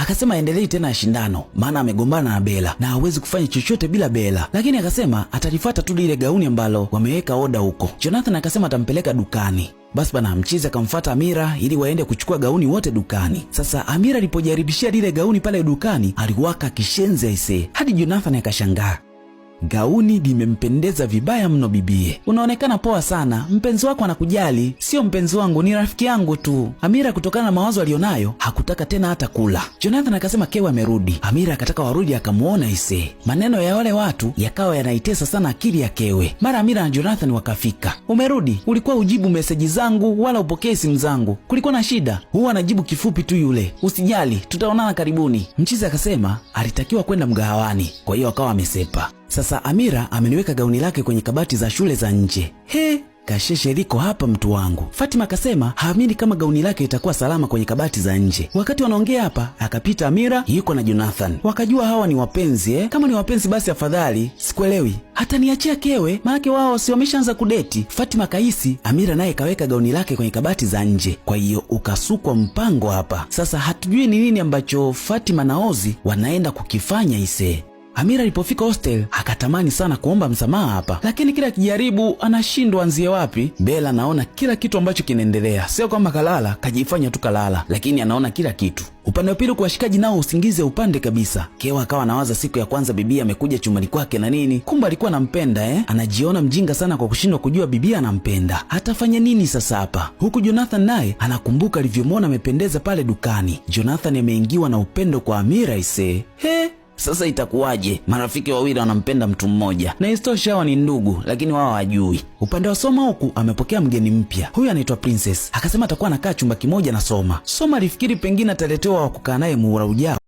Akasema aendelee tena shindano, maana amegombana na bela na hawezi kufanya chochote bila bela lakini akasema atalifuata tu lile gauni ambalo wameweka oda huko. Jonathan akasema atampeleka dukani. Basi bana mchizi akamfuata Amira ili waende kuchukua gauni wote dukani. Sasa Amira alipojaribishia lile gauni pale dukani, aliwaka kishenzi aisee, hadi Jonathan akashangaa. Gauni limempendeza vibaya mno bibie. Unaonekana poa sana, mpenzi wako anakujali. Sio mpenzi wangu, ni rafiki yangu tu. Amira kutokana na mawazo aliyonayo hakutaka tena hata kula. Jonathan akasema kewe amerudi. Amira akataka warudi, akamuona ise. Maneno ya wale watu yakawa yanaitesa sana akili ya kewe. Mara Amira na Jonathan wakafika. Umerudi? Ulikuwa ujibu meseji zangu wala upokee simu zangu, kulikuwa na shida? Huwa anajibu kifupi tu yule, usijali, tutaonana karibuni. Mchizi akasema alitakiwa kwenda mgahawani, kwa hiyo akawa amesepa. Sasa Amira ameniweka gauni lake kwenye kabati za shule za nje. He, kasheshe liko hapa mtu wangu. Fatima akasema haamini kama gauni lake itakuwa salama kwenye kabati za nje. Wakati wanaongea hapa, akapita Amira yuko na Jonathan, wakajua hawa ni wapenzi eh? Kama ni wapenzi basi afadhali, sikuelewi hata niachia kewe, maanake wao si wameshaanza kudeti. Fatima kahisi Amira naye kaweka gauni lake kwenye kabati za nje, kwa hiyo ukasukwa mpango hapa. Sasa hatujui ni nini ambacho Fatima na Ozi wanaenda kukifanya isee Amira alipofika hostel akatamani sana kuomba msamaha hapa, lakini kila akijaribu anashindwa anzie wapi. Bella anaona kila kitu ambacho kinaendelea, sio kwamba kalala kajifanya tu kalala, lakini anaona kila kitu. Upande wa pili kwa washikaji nao usingize upande kabisa. Kewa akawa anawaza siku ya kwanza bibi amekuja chumbani kwake na nini, kumbe alikuwa anampenda eh? Anajiona mjinga sana kwa kushindwa kujua bibi anampenda. Atafanya nini sasa hapa? Huku Jonathan naye anakumbuka alivyomwona amependeza pale dukani. Jonathan ameingiwa na upendo kwa Amira ise. He. Sasa itakuwaje marafiki wawili wanampenda mtu mmoja na istosha hawa ni ndugu, lakini wao hawajui? Upande wa Soma huku amepokea mgeni mpya, huyu anaitwa Princess, akasema atakuwa anakaa chumba kimoja na Soma. Soma alifikiri pengine ataletewa wa kukaa naye muhula ujao.